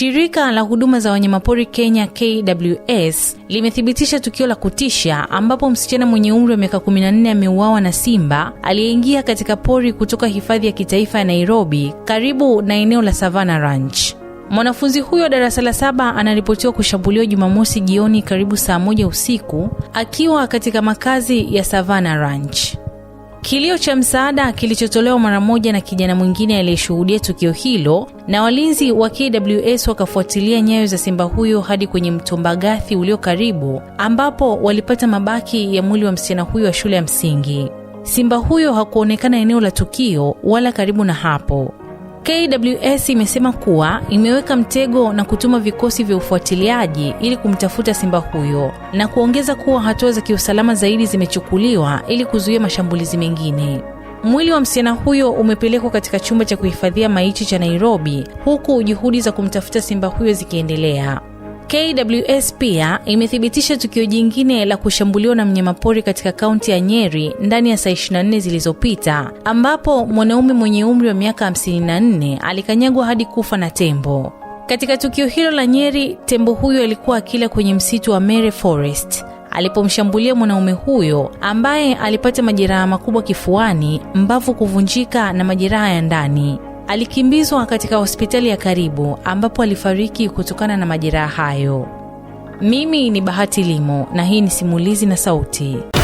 Shirika la huduma za wanyamapori Kenya KWS limethibitisha tukio la kutisha ambapo msichana mwenye umri wa miaka 14 ameuawa na simba aliyeingia katika pori kutoka hifadhi ya kitaifa ya Nairobi karibu na eneo la Savana Ranch. Mwanafunzi huyo darasa la saba anaripotiwa kushambuliwa Jumamosi jioni karibu saa moja usiku akiwa katika makazi ya Savana Ranch. Kilio cha msaada kilichotolewa mara moja na kijana mwingine aliyeshuhudia tukio hilo, na walinzi wa KWS wakafuatilia nyayo za simba huyo hadi kwenye mto Mbagathi ulio karibu, ambapo walipata mabaki ya mwili wa msichana huyo wa shule ya msingi. Simba huyo hakuonekana eneo la tukio wala karibu na hapo. KWS imesema kuwa imeweka mtego na kutuma vikosi vya ufuatiliaji ili kumtafuta simba huyo na kuongeza kuwa hatua za kiusalama zaidi zimechukuliwa ili kuzuia mashambulizi mengine. Mwili wa msichana huyo umepelekwa katika chumba cha kuhifadhia maiti cha Nairobi huku juhudi za kumtafuta simba huyo zikiendelea. KWS pia imethibitisha tukio jingine la kushambuliwa na mnyamapori katika kaunti ya Nyeri ndani ya saa 24 zilizopita, ambapo mwanaume mwenye umri wa miaka 54 alikanyagwa hadi kufa na tembo. Katika tukio hilo la Nyeri, tembo huyo alikuwa akila kwenye msitu wa Mere Forest alipomshambulia mwanaume huyo ambaye alipata majeraha makubwa kifuani, mbavu kuvunjika na majeraha ya ndani. Alikimbizwa katika hospitali ya karibu ambapo alifariki kutokana na majeraha hayo. Mimi ni Bahati Limo na hii ni Simulizi na Sauti.